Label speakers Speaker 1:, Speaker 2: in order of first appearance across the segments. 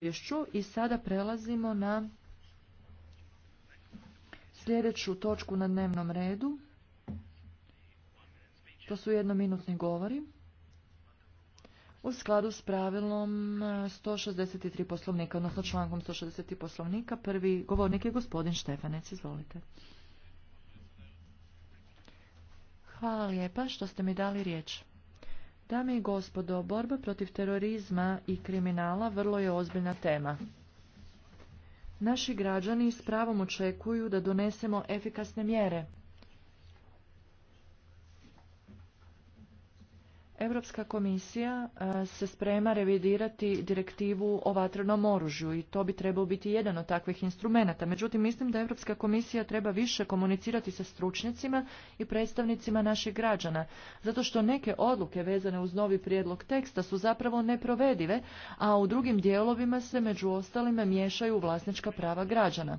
Speaker 1: izvješću i sada prelazimo na sljedeću točku na dnevnom redu. To su jednominutni govori u skladu s pravilom 163 poslovnika, odnosno člankom 160 poslovnika. Prvi govornik je gospodin Štefanec, izvolite. Hvala lijepa što ste mi dali riječ. Dame i gospodo, borba protiv terorizma i kriminala vrlo je ozbiljna tema. Naši građani s pravom očekuju da donesemo efikasne mjere Europska komisija e, se sprema revidirati direktivu o vatrenom oružju i to bi trebao biti jedan od takvih instrumenata. Međutim, mislim da Europska komisija treba više komunicirati sa stručnjacima i predstavnicima naših građana, zato što neke odluke vezane uz novi prijedlog teksta su zapravo neprovedive, a u drugim dijelovima se među ostalima miješaju vlasnička prava građana.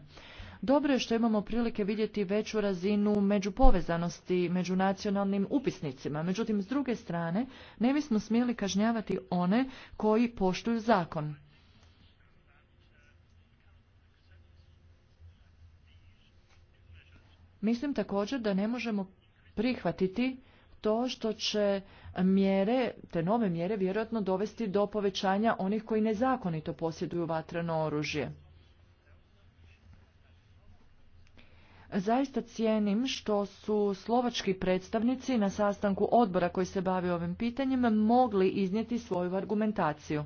Speaker 1: Dobro je što imamo prilike vidjeti veću razinu međupovezanosti među nacionalnim upisnicima. Međutim, s druge strane, ne bismo smjeli kažnjavati one koji poštuju zakon. Mislim također da ne možemo prihvatiti to što će mjere, te nove mjere vjerojatno dovesti do povećanja onih koji nezakonito posjeduju vatreno oružje. Zaista cijenim što su slovački predstavnici na sastanku odbora koji se bavi ovim pitanjem mogli iznijeti svoju argumentaciju.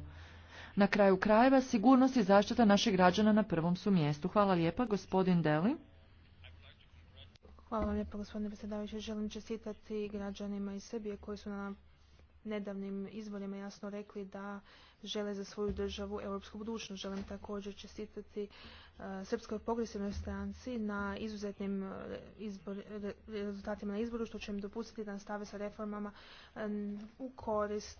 Speaker 1: Na kraju krajeva sigurnost i zaštita naših građana na prvom su mjestu. Hvala lijepa, gospodin Deli.
Speaker 2: Hvala lijepa, gospodine predsjedavajući. Želim čestitati građanima iz Srbije koji su na nedavnim izborima jasno rekli da žele za svoju državu europsku budućnost. Želim također čestitati e, Srpskoj pogresivnoj stranci na izuzetnim e, rezultatima na izboru što će im dopustiti da nastave sa reformama e, u korist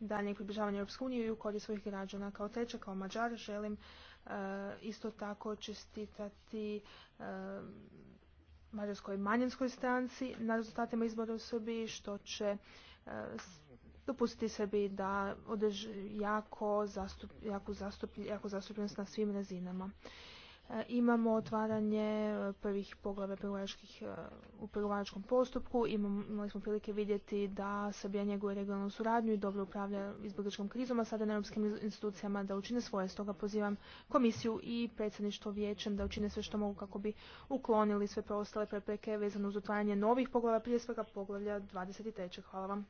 Speaker 2: daljnjeg približavanja Europske unije i u korist svojih građana. Kao treća, kao Mađar, želim isto tako čestitati mađarskoj manjinskoj stranci na rezultatima izbora u Srbiji što će dopustiti sebi da održi jako, zastupljenost na svim razinama. E, imamo otvaranje e, prvih poglave u pregovaračkom postupku, imali smo prilike vidjeti da Srbija njeguje regionalnu suradnju i dobro upravlja izbjegličkom krizom, a sada na europskim institucijama da učine svoje. Stoga pozivam komisiju i predsjedništvo vijećem da učine sve što mogu kako bi uklonili sve preostale prepreke vezano uz otvaranje novih poglava, prije svega poglavlja 23. Hvala vam.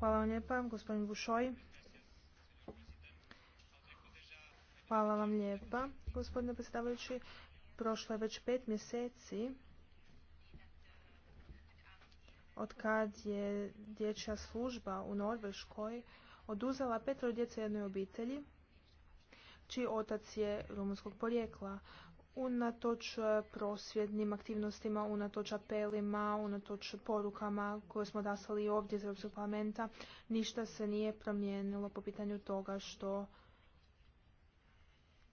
Speaker 2: Hvala vam lijepa, gospodin Bušoj. Hvala vam lijepa, gospodine predstavljajući. Prošlo je već pet mjeseci od kad je dječja služba u Norveškoj oduzela petro djece jednoj obitelji, čiji otac je rumunskog porijekla. Unatoč e, prosvjednim aktivnostima, unatoč apelima, unatoč porukama koje smo dasali ovdje iz Europskog parlamenta, ništa se nije promijenilo po pitanju toga što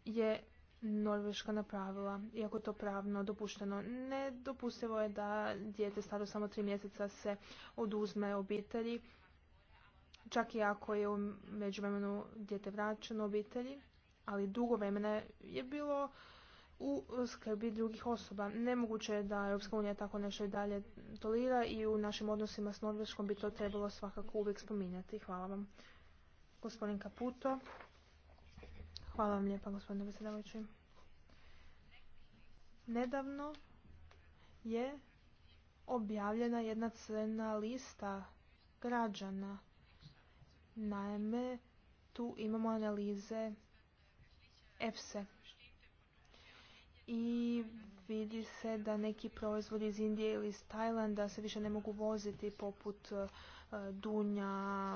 Speaker 2: je Norveška napravila, iako je to pravno dopušteno. Nedopustivo je da dijete staro samo tri mjeseca se oduzme obitelji, čak i ako je u međuvremenu dijete vraćeno obitelji, ali dugo vremena je bilo u skrbi drugih osoba. Nemoguće je da Europska unija tako nešto i dalje tolira i u našim odnosima s Norveškom bi to trebalo svakako uvijek spominjati. Hvala vam. Gospodin Kaputo. Hvala vam lijepa gospodine predsjedavajući. Nedavno je objavljena jedna crna lista građana. Naime, tu imamo analize EFSE. I vidi se da neki proizvodi iz Indije ili iz Tajlanda se više ne mogu voziti poput e, dunja,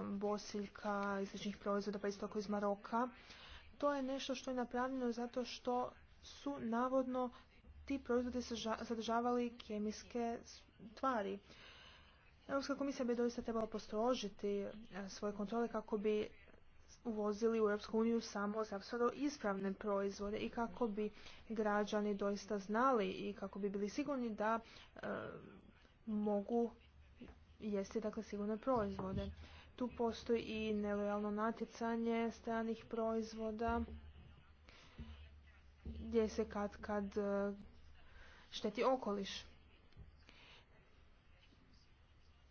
Speaker 2: bosiljka i sličnih proizvoda, pa isto tako iz Maroka to je nešto što je napravljeno zato što su navodno ti proizvodi sadržavali kemijske tvari. Europska komisija bi doista trebala postrožiti e, svoje kontrole kako bi uvozili u Europsku uniju samo zapravo ispravne proizvode i kako bi građani doista znali i kako bi bili sigurni da e, mogu jesti dakle, sigurne proizvode. Tu postoji i nelojalno natjecanje stranih proizvoda gdje se kad kad e, šteti okoliš.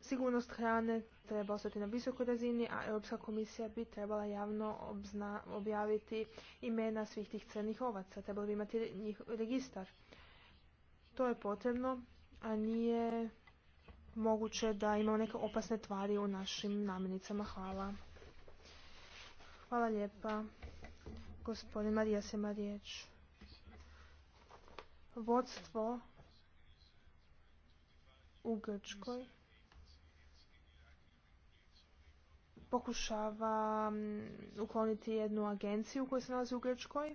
Speaker 2: Sigurnost hrane treba ostati na visokoj razini, a Europska komisija bi trebala javno objaviti imena svih tih crnih ovaca. Trebalo bi imati njih registar. To je potrebno, a nije moguće da imamo neke opasne tvari u našim namirnicama. Hvala. Hvala lijepa. Gospodin Marija ima riječ. Vodstvo u Grčkoj pokušava mm, ukloniti jednu agenciju koja se nalazi u Grčkoj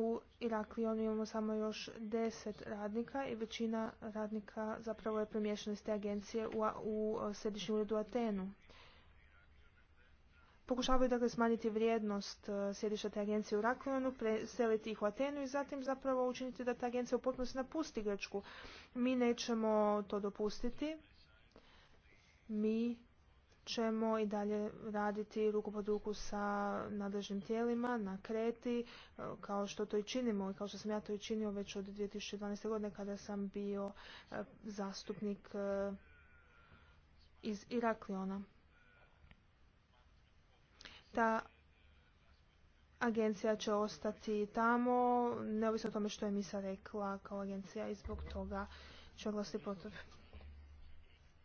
Speaker 2: u Iraklionu imamo samo još deset radnika i većina radnika zapravo je premješana iz te agencije u, u e, središnju uredu Atenu. Pokušavaju dakle smanjiti vrijednost e, sjedišta te agencije u Raklionu, preseliti ih u Atenu i zatim zapravo učiniti da ta agencija u potpunosti napusti Grčku. Mi nećemo to dopustiti. Mi ćemo i dalje raditi ruku pod ruku sa nadležnim tijelima na Kreti, e, kao što to i činimo i kao što sam ja to i činio već od 2012. godine kada sam bio e, zastupnik e, iz Irakliona. Ta agencija će ostati tamo, neovisno o tome što je Misa rekla kao agencija i zbog toga ću glasiti protiv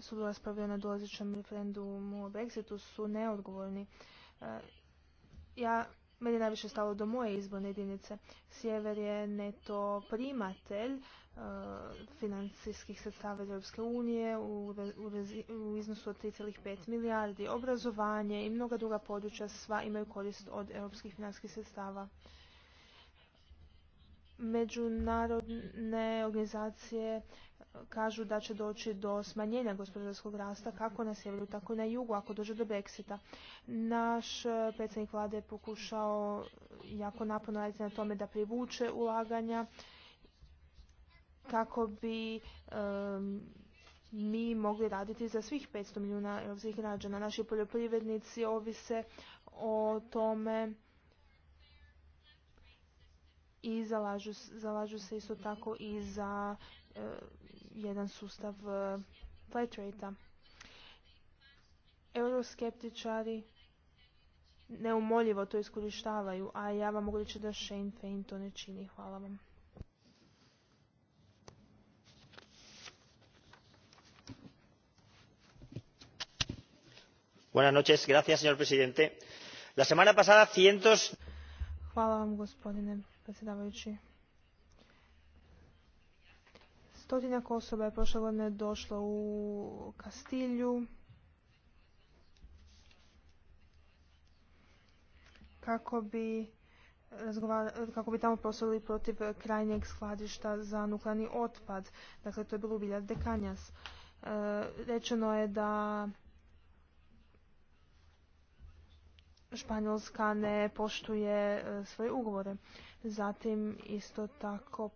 Speaker 2: su spravljena na dolazećem referendumu o Brexitu su neodgovorni. E, ja, meni je najviše stalo do moje izborne jedinice. Sjever je neto primatelj e, financijskih sredstava Europske unije u, u iznosu od 3,5 milijardi. Obrazovanje i mnoga druga područja sva imaju korist od europskih financijskih sredstava međunarodne organizacije e, kažu da će doći do smanjenja gospodarskog rasta kako na sjeveru tako i na jugu ako dođe do Brexita. Naš e, predsjednik vlade je pokušao jako napuno raditi na tome da privuče ulaganja kako bi mi mogli raditi za svih 500 milijuna europskih građana. Naši poljoprivrednici ovise o tome i zalažu, zalažu se isto tako i za uh, jedan sustav uh, e, flat rate Euroskeptičari neumoljivo to iskorištavaju, a ja vam mogu reći da Shane Fein to ne čini. Hvala vam.
Speaker 3: Buenas noches, gracias señor presidente. La semana pasada
Speaker 2: cientos... Hvala vam gospodine predsjedavajući. Stotinjak osoba je prošle godine došlo u Kastilju kako bi kako bi tamo prosvjedili protiv krajnjeg skladišta za nuklearni otpad. Dakle, to je bilo u de Dekanjas. E, rečeno je da Španjolska ne poštuje e, svoje ugovore. Zatim isto tako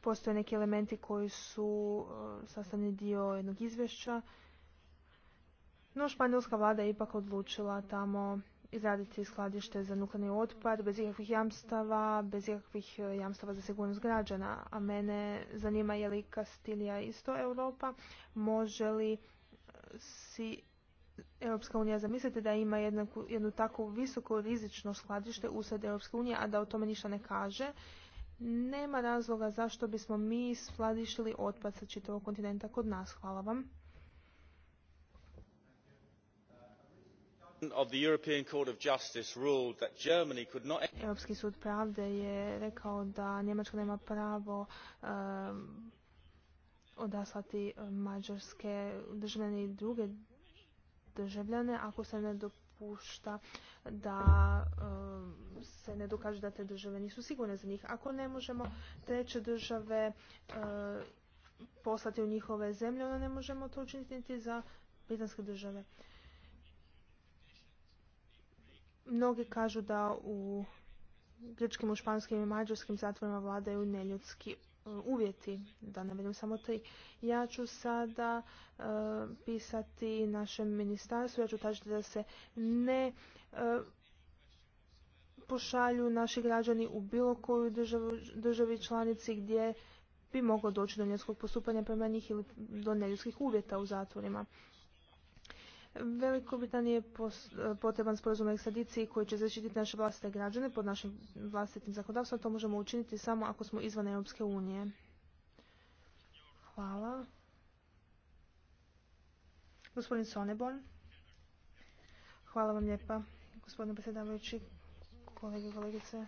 Speaker 2: postoje neki elementi koji su e, sastavni dio jednog izvješća. No, španjolska vlada je ipak odlučila tamo izraditi skladište za nuklearni otpad bez ikakvih jamstava, bez ikakvih e, jamstava za sigurnost građana. A mene zanima je li Kastilija isto Europa, može li si Europska unija, zamislite da ima jednu tako visoko rizično skladište usred Europske unije, a da o tome ništa ne kaže, nema razloga zašto bismo mi skladištili otpad sa čitavog kontinenta kod nas. Hvala vam. E- Europski sud pravde je rekao da Njemačka nema pravo ehm, odaslati e, mađarske državljane i druge državljane ako se ne dopušta da um, se ne dokaže da te države nisu sigurne za njih. Ako ne možemo treće države uh, poslati u njihove zemlje, onda ne možemo to učiniti za britanske države. Mnogi kažu da u grčkim, u španskim i mađarskim zatvorima vladaju neljudski E, uvjeti, da ne velim samo tri. Ja ću sada e, pisati našem ministarstvu, ja ću tražiti da se ne e, pošalju naši građani u bilo koju državi članici gdje bi moglo doći do ljudskog postupanja prema njih ili do neljudskih uvjeta u zatvorima. Veliko bitan je potreban sporazum o ekstradiciji koji će zaštititi naše vlastite građane pod našim vlastitim zakonodavstvom. To možemo učiniti samo ako smo izvan Europske unije. Hvala. Gospodin Sonebon. Hvala vam lijepa, gospodine predsjedavajući, kolege i kolegice.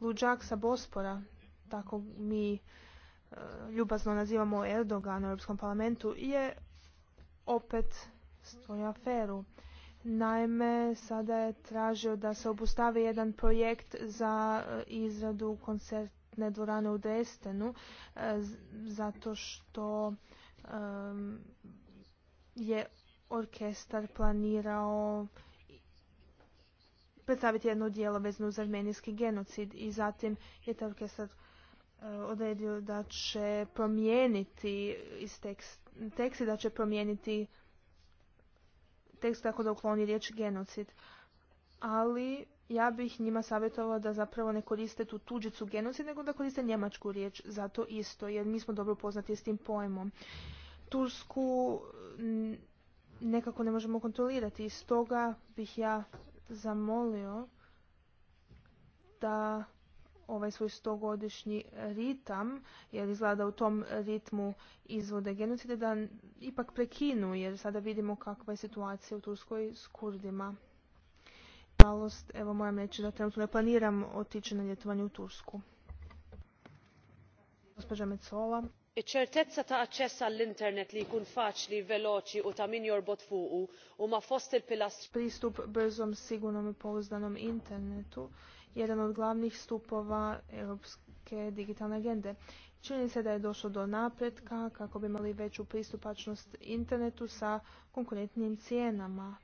Speaker 2: Luđak sa Bospora, tako mi eh, ljubazno nazivamo Erdogan u Europskom parlamentu, je opet svoju aferu. Naime, sada je tražio da se obustavi jedan projekt za e, izradu koncertne dvorane u Destenu, e, zato što je orkestar planirao predstaviti jedno dijelo vezno uz armenijski genocid i zatim je taj orkestar e, odredio da će promijeniti iz tekst tekst da će promijeniti tekst tako da ukloni riječ genocid. Ali ja bih njima savjetovala da zapravo ne koriste tu tuđicu genocid, nego da koriste njemačku riječ za to isto, jer mi smo dobro poznati s tim pojmom. Tursku nekako ne možemo kontrolirati i stoga bih ja zamolio da ovaj svoj stogodišnji ritam, jer izgleda u tom ritmu izvode genocide, da ipak prekinu, jer sada vidimo kakva je situacija u Turskoj s Kurdima. Nažalost, evo moram reći da trenutno ne planiram otići na ljetovanje u Tursku. Gospođa Mecola.
Speaker 1: I ċertezza ta' aċċess għall-internet li jkun faċli, veloċi u ta' min jorbot fuqu fost il
Speaker 2: Pristup brzom sigurnom i pouzdanom internetu jedan od glavnih stupova europske digitalne agende. Čini se da je došlo do napretka kako bi imali veću pristupačnost internetu sa konkurentnim cijenama.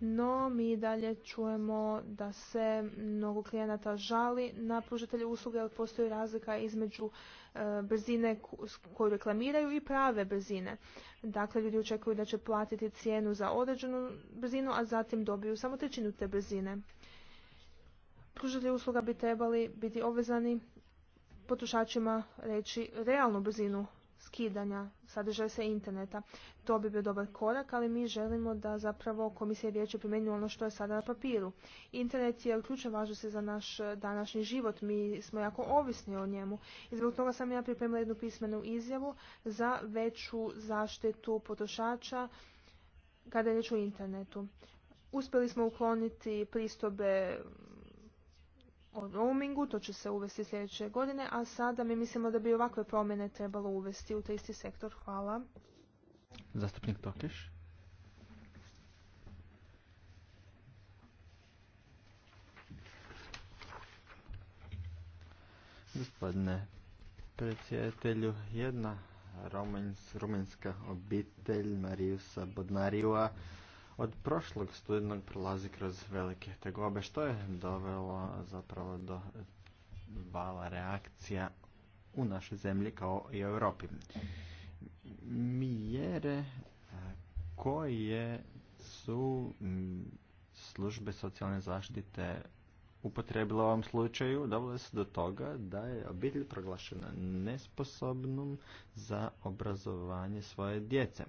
Speaker 2: No, mi dalje čujemo da se mnogo klijenata žali na pružatelje usluge, jer postoji razlika između e, brzine koju reklamiraju i prave brzine. Dakle, ljudi očekuju da će platiti cijenu za određenu brzinu, a zatim dobiju samo trećinu te brzine pružatelji usluga bi trebali biti obvezani potrošačima reći realnu brzinu skidanja sadržaja sa interneta. To bi bio dobar korak, ali mi želimo da zapravo komisija vijeće primjenju ono što je sada na papiru. Internet je ključne važnosti za naš današnji život, mi smo jako ovisni o njemu i zbog toga sam ja pripremila jednu pismenu izjavu za veću zaštitu potrošača kada je riječ o internetu. Uspjeli smo ukloniti pristobe o roamingu, to će se uvesti sljedeće godine, a sada mi mislimo da bi ovakve promjene trebalo uvesti u taj isti sektor. Hvala.
Speaker 3: Zastupnik Tokiš. Gospodine predsjedatelju, jedna rumenska obitelj Marijusa Bodnariua od prošlog studenog prolazi kroz velike tegobe, što je dovelo zapravo do vala reakcija u našoj zemlji kao i u Europi. Mjere koje su službe socijalne zaštite upotrebila u ovom slučaju dovele se do toga da je obitelj proglašena nesposobnom za obrazovanje svoje djece.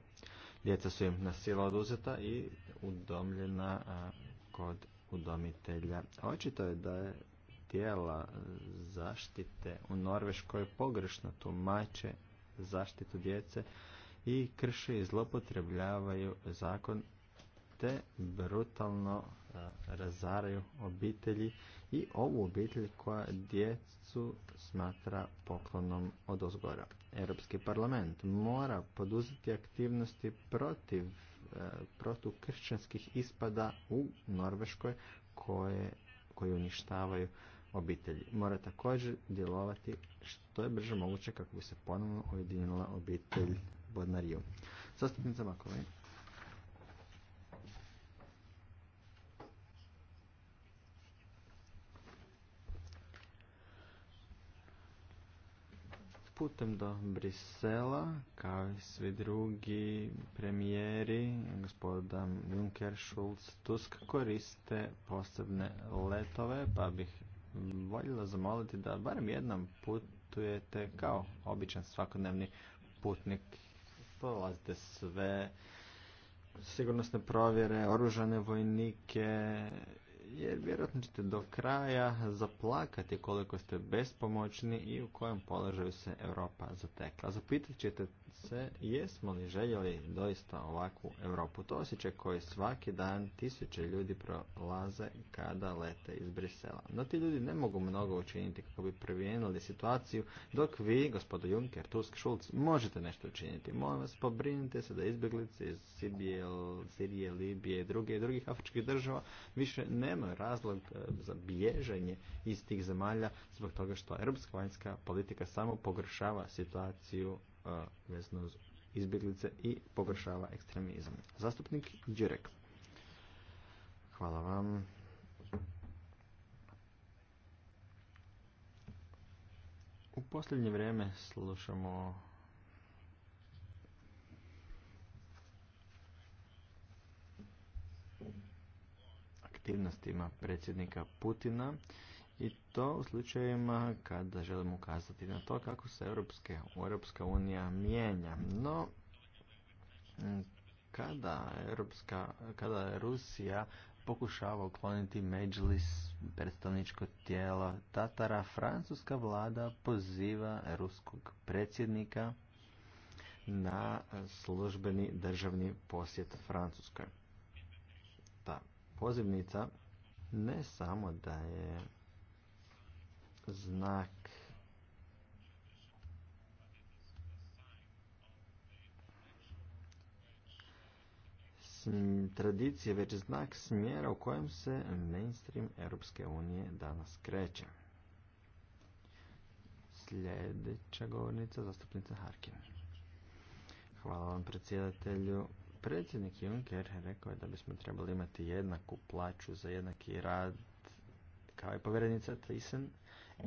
Speaker 3: Djeca su im na silu oduzeta i udomljena kod udomitelja. Očito je da je tijela e, zaštite u Norveškoj pogrešno tumače zaštitu djece i krše i zlopotrebljavaju zakon te brutalno e, razaraju obitelji i ovu obitelj koja djecu smatra poklonom od Europski parlament mora poduzeti aktivnosti protiv e, protukršćanskih ispada u Norveškoj koje, uništavaju obitelji. Mora također djelovati što je brže moguće kako bi se ponovno ujedinila obitelj Bodnariju. Zastupnica Makovaj. putem do Brisela, kao i svi drugi premijeri, gospoda Juncker, Schulz, Tusk, koriste posebne letove, pa bih voljela zamoliti da barem jednom putujete kao običan svakodnevni putnik. Polazite sve sigurnosne provjere, oružane vojnike, jer vjerojatno ćete do kraja zaplakati koliko ste bespomoćni i u kojem položaju se Europa zatekla. Zapitat ćete se jesmo li željeli doista ovakvu Europu? To osjećaj koji svaki dan tisuće ljudi prolaze kada lete iz Brisela. No ti ljudi ne mogu mnogo učiniti kako bi previjenili situaciju, dok vi, gospodo Juncker, Tusk, Schulz, možete nešto učiniti. Molim vas, pobrinite se da izbjeglice iz Sibije, Sirije, Libije i druge i drugih afričkih država više nemaju razlog e, za bježanje iz tih zemalja zbog toga što europska vanjska politika samo pogoršava situaciju vezano uz izbjeglice i pogršava ekstremizam. Zastupnik Đirek. Hvala vam. U posljednje vrijeme slušamo aktivnostima predsjednika Putina i to u slučajevima kada želimo ukazati na to kako se Europske, Europska unija mijenja. No, kada, Europska, kada Rusija pokušava ukloniti Međlis, predstavničko tijelo Tatara, francuska vlada poziva ruskog predsjednika na službeni državni posjet Francuskoj. Ta pozivnica ne samo da je znak tradicije, već znak smjera u kojem se mainstream Europske unije danas kreće. Sljedeća govornica, zastupnica Harkin. Hvala vam predsjedatelju. Predsjednik Juncker rekao je da bismo trebali imati jednaku plaću za jednaki rad kao i povjerenica Thyssen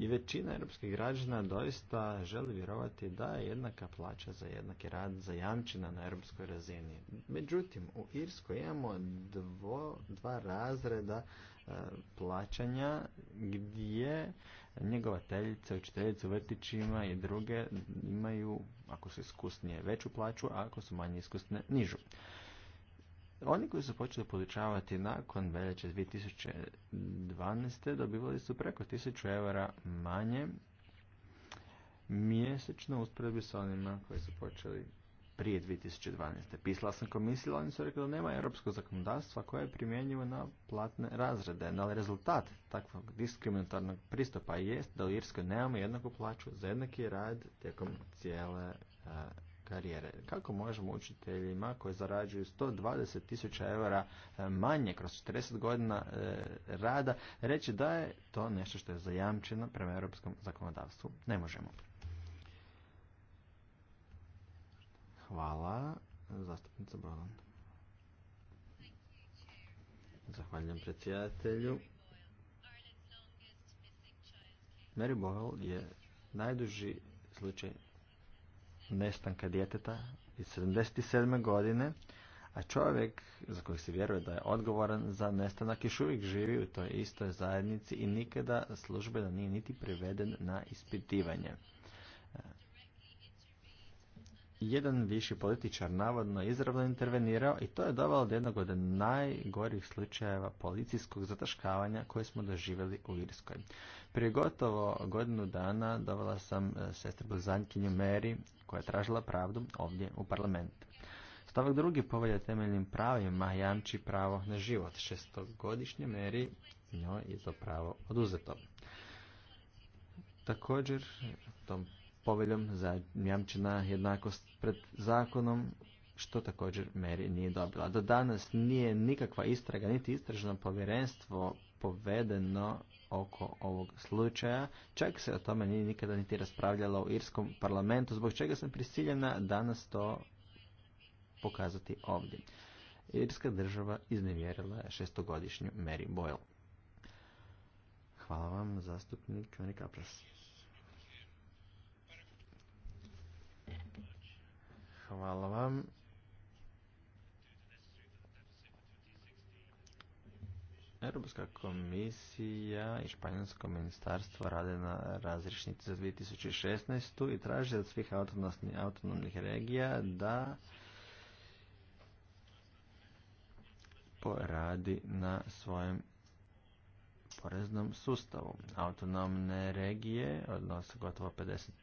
Speaker 3: i većina europskih građana doista želi vjerovati da je jednaka plaća za jednaki rad zajamčena na europskoj razini. Međutim, u Irskoj imamo dvo, dva razreda e, plaćanja gdje njegovateljice, učiteljice u vrtićima i druge imaju, ako su iskusnije, veću plaću, a ako su manje iskusne, nižu. Oni koji su počeli podučavati nakon veljače 2012. dobivali su preko 1000 eura manje mjesečno usporedbi sa onima koji su počeli prije 2012. Pisala sam komisiju, oni su rekli da nema europskog zakonodavstva koje je primjenjivo na platne razrede. ali rezultat takvog diskriminatornog pristupa jest da u Irskoj nemamo jednaku plaću za jednaki rad tijekom cijele eh, karijere. Kako možemo učiteljima koji zarađuju 120 tisuća eura e, manje kroz 40 godina e, rada reći da je to nešto što je zajamčeno prema europskom zakonodavstvu? Ne možemo. Hvala. Zastupnica Zahvaljujem predsjedatelju. Mary Boyle je najduži slučaj nestanka djeteta iz 77. godine, a čovjek za kojeg se vjeruje da je odgovoran za nestanak još uvijek živi u toj istoj zajednici i nikada službeno nije niti priveden na ispitivanje jedan viši političar navodno izravno intervenirao i to je dovelo do jednog od najgorih slučajeva policijskog zataškavanja koje smo doživjeli u Irskoj. Prije gotovo godinu dana dovela sam e, sestru Blizanjkinju meri koja je tražila pravdu ovdje u parlamentu. Stavak drugi povelja temeljnim pravima jamči pravo na život. Šestogodišnje meri njoj je to pravo oduzeto. Također, tom poveljom zajamčena jednakost pred zakonom, što također Mary nije dobila. Do danas nije nikakva istraga, niti istražno povjerenstvo povedeno oko ovog slučaja. Čak se o tome nije nikada niti raspravljalo u Irskom parlamentu, zbog čega sam prisiljena danas to pokazati ovdje. Irska država iznevjerila je šestogodišnju Mary Boyle. Hvala vam, zastupnik Hvala vam. Europska komisija i Španjolsko ministarstvo rade na razrišnici za 2016. i traže od svih autonomnih regija da poradi na svojem poreznom sustavu. Autonomne regije odnose gotovo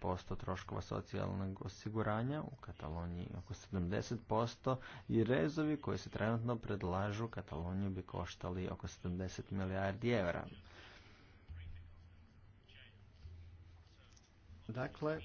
Speaker 3: 50% troškova socijalnog osiguranja, u Kataloniji oko 70% i rezovi koji se trenutno predlažu Kataloniju bi koštali oko 70 milijardi eura. Dakle,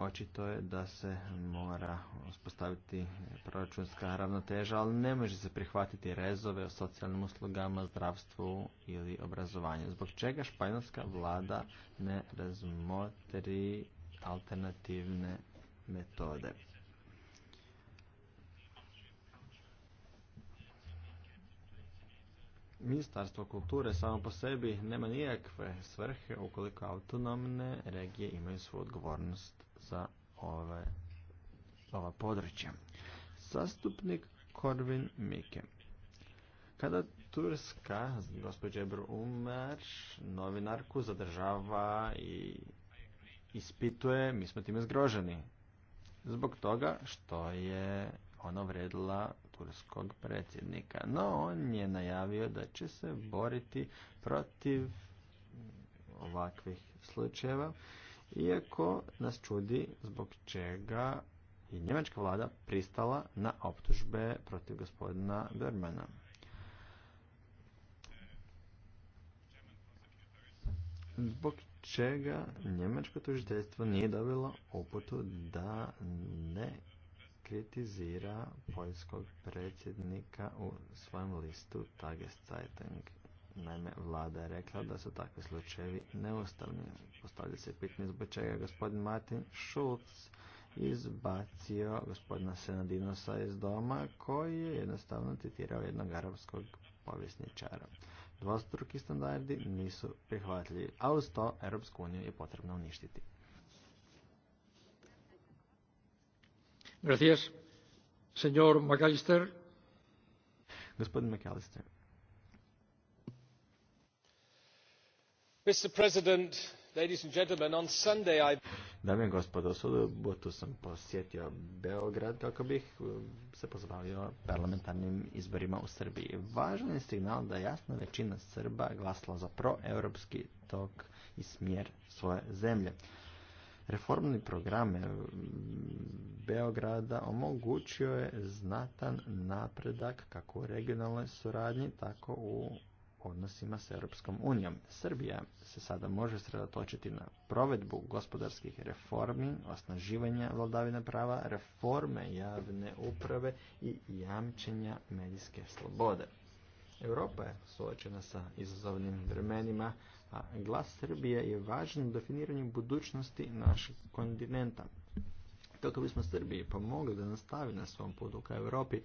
Speaker 3: Očito je da se mora uspostaviti proračunska ravnoteža, ali ne može se prihvatiti rezove o socijalnim uslugama, zdravstvu ili obrazovanju. Zbog čega španjolska vlada ne razmotri alternativne metode? Ministarstvo kulture samo po sebi nema nijakve svrhe ukoliko autonomne regije imaju svoju odgovornost za ove, ova područja. Zastupnik Korvin Mike. Kada Turska, gospođa Ebru Umar, novinarku zadržava i ispituje, mi smo time zgroženi. Zbog toga što je ona vredila turskog predsjednika. No, on je najavio da će se boriti protiv ovakvih slučajeva iako nas čudi zbog čega je njemačka vlada pristala na optužbe protiv gospodina Bermana. Zbog čega njemačko tužiteljstvo nije dobilo uputu da ne kritizira poljskog predsjednika u svojem listu Tageszeitung. Naime, vlada je rekla da su takvi slučajevi neustavni. Postavlja se pitanje zbog čega gospodin Martin Schulz izbacio gospodina Senadinosa iz doma koji je jednostavno citirao jednog arabskog povjesničara. Dvostruki standardi nisu prihvatljivi, a uz to Europsku uniju je potrebno uništiti. Gracias. Señor Gospodin McAllister. Mr. President, ladies and gentlemen, I... Dame i gospodo, subotu sam posjetio Beograd kako bih um, se pozbavio parlamentarnim izborima u Srbiji. Važan je signal da jasna većina Srba glasila za proeuropski tok i smjer svoje zemlje. Reformni program um, Beograda omogućio je znatan napredak kako u regionalnoj suradnji, tako u odnosima s Europskom unijom. Srbija se sada može sredotočiti na provedbu gospodarskih reformi, osnaživanja vladavine prava, reforme javne uprave i jamčenja medijske slobode. Europa je suočena sa izazovnim vremenima, a glas Srbije je važan u definiranju budućnosti našeg kontinenta kako bismo Srbiji pomogli da nastavi na svom putu ka Europi,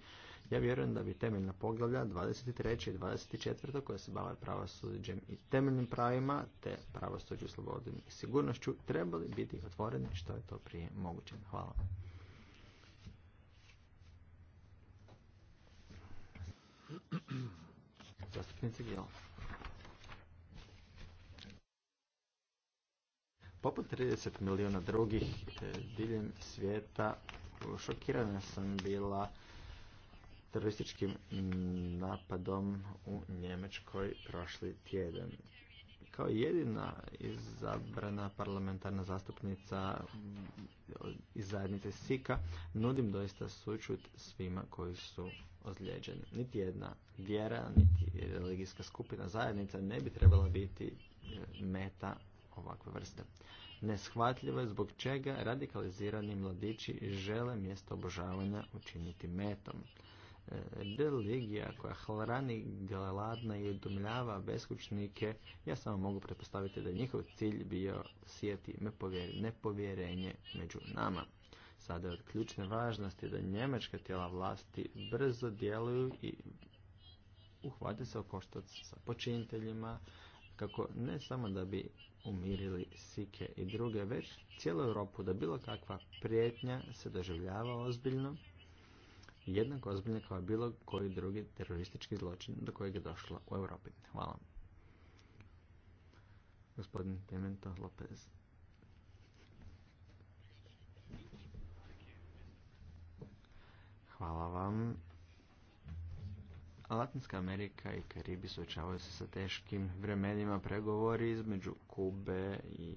Speaker 3: ja vjerujem da bi temeljna poglavlja 23. i 24. koja se bave pravosuđem i temeljnim pravima, te pravosuđu, slobodom i sigurnošću, trebali biti otvoreni što je to prije moguće. Hvala. poput 30 milijuna drugih diljem svijeta, šokirana sam bila terorističkim napadom u Njemačkoj prošli tjedan. Kao jedina izabrana parlamentarna zastupnica iz zajednice Sika, nudim doista sučut svima koji su ozlijeđeni. Niti jedna vjera, niti religijska skupina zajednica ne bi trebala biti e, meta ovakve vrste. Neshvatljivo je zbog čega radikalizirani mladići žele mjesto obožavanja učiniti metom. Religija koja hlarani galadna i udomljava beskućnike, ja samo mogu pretpostaviti da je njihov cilj bio sjeti nepovjerenje među nama. Sada je od ključne važnosti da njemačka tijela vlasti brzo djeluju i uhvate se u koštac sa počiniteljima, kako ne samo da bi umirili Sike i druge, već cijelu Europu da bilo kakva prijetnja se doživljava ozbiljno, jednako ozbiljno kao bilo koji drugi teroristički zločin do kojeg je došlo u Europi. Hvala. Gospodin Pimento Lopez. Hvala vam. Latinska Amerika i Karibi suočavaju se sa teškim vremenima pregovori između Kube i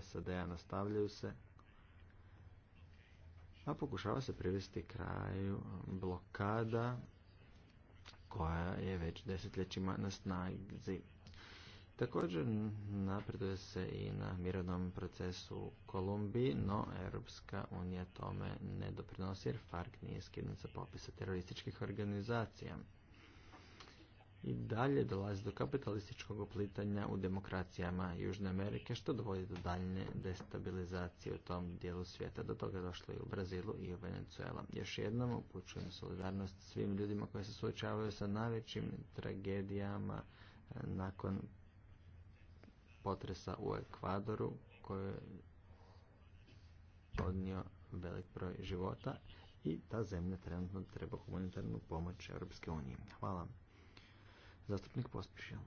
Speaker 3: SAD-a nastavljaju se, a pokušava se privesti kraju blokada koja je već desetljećima na snazi Također napreduje se i na mirovnom procesu u Kolumbiji, no Europska unija tome ne doprinosi jer FARC nije skinut sa popisa terorističkih organizacija. I dalje dolazi do kapitalističkog oplitanja u demokracijama Južne Amerike što dovodi do daljne destabilizacije u tom dijelu svijeta. Do toga je došlo i u Brazilu i u Venezuela. Još jednom upućujem solidarnost svim ljudima koji se suočavaju sa najvećim tragedijama nakon potresa u Ekvadoru koji je odnio velik broj života i ta zemlja trenutno treba humanitarnu pomoć Europske unije. Hvala. Zastupnik pospješio.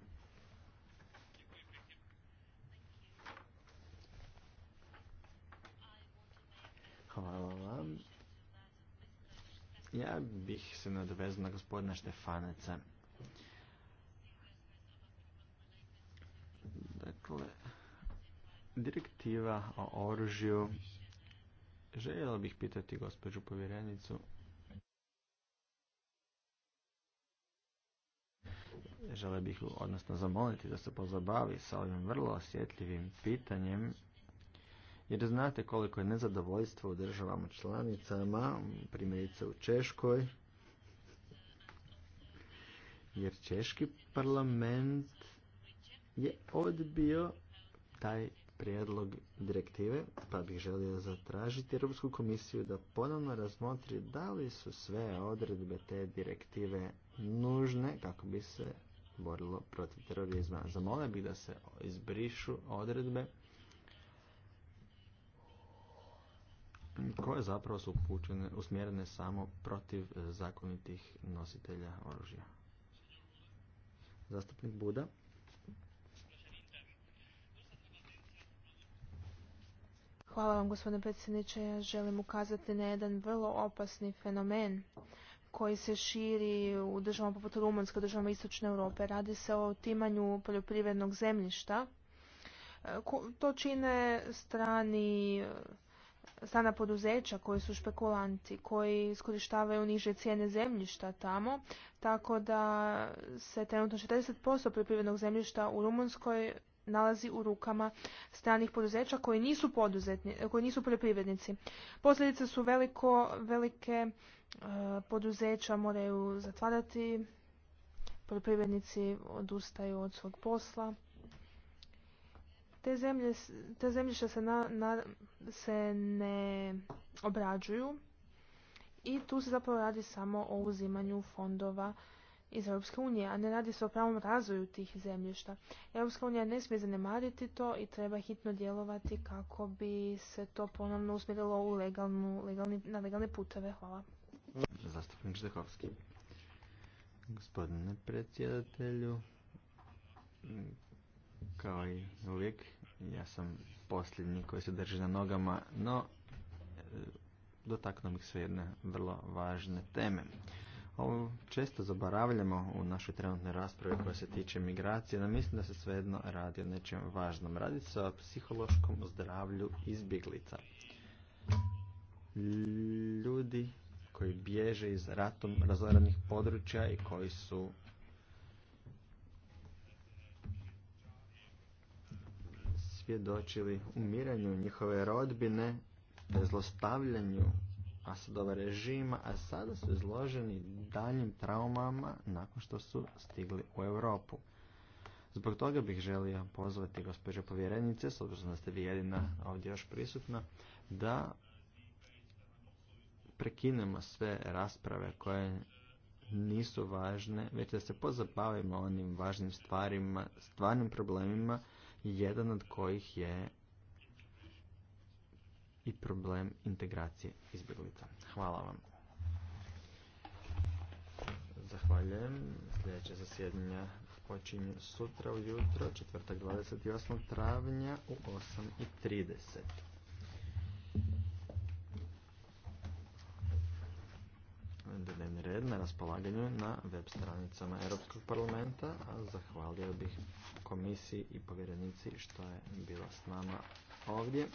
Speaker 3: Hvala vam. Ja bih se nadovezao na gospodina Štefaneca. Dakle, direktiva o oružju. Željela bih pitati gospođu povjerenicu. Žele bih odnosno zamoliti da se pozabavi sa ovim vrlo osjetljivim pitanjem jer znate koliko je nezadovoljstvo u državama članicama, primjerice u Češkoj, jer Češki parlament je odbio taj prijedlog direktive, pa bih želio zatražiti Europsku komisiju da ponovno razmotri da li su sve odredbe te direktive nužne kako bi se borilo protiv terorizma. Zamolio bih da se izbrišu odredbe koje zapravo su upućene, usmjerene samo protiv zakonitih nositelja oružja. Zastupnik Buda.
Speaker 2: Hvala vam gospodine predsjedniče. Ja želim ukazati na jedan vrlo opasni fenomen koji se širi u državama poput Rumunjske, državama Istočne Europe. Radi se o timanju poljoprivrednog zemljišta. E, to čine strani e, strana poduzeća koji su špekulanti, koji iskorištavaju niže cijene zemljišta tamo, tako da se trenutno 40% poljoprivrednog zemljišta u Rumunskoj nalazi u rukama stranih poduzeća koji nisu, poduzetni, koji nisu poljoprivrednici. Posljedice su veliko, velike e, poduzeća moraju zatvarati, poljoprivrednici odustaju od svog posla. Te, zemlje, zemljišta se, na, se ne obrađuju i tu se zapravo radi samo o uzimanju fondova iz Europske unije, a ne radi se o pravom razvoju tih zemljišta. Europska unija ne smije zanemariti to i treba hitno djelovati kako bi se to ponovno usmjerilo u na legalne puteve. Hvala.
Speaker 3: Zastupnik Gospodine predsjedatelju, kao i uvijek, ja sam posljednji koji se drži na nogama, no e, dotaknuo bih se jedne vrlo važne teme. Ovo često zaboravljamo u našoj trenutnoj raspravi koja se tiče migracije, no mislim da se svejedno radi o nečem važnom. Radi se o psihološkom zdravlju izbjeglica. Ljudi koji bježe iz ratom razoranih područja i koji su svjedočili umiranju njihove rodbine zlostavljanju Asadova režima, a sada su izloženi daljim traumama nakon što su stigli u Europu. Zbog toga bih želio pozvati gospođe povjerenice, s obzirom da ste vi jedina ovdje još prisutna, da prekinemo sve rasprave koje nisu važne, već da se pozabavimo onim važnim stvarima, stvarnim problemima, jedan od kojih je i problem integracije izbjeglica. Hvala vam. Zahvaljujem. Sljedeće zasjedanja počinje sutra ujutro, četvrtak 28. travnja u 8.30. Dnevni red na raspolaganju na web stranicama Europskog parlamenta, a zahvalio bih komisiji i povjerenici što je bilo s nama ovdje.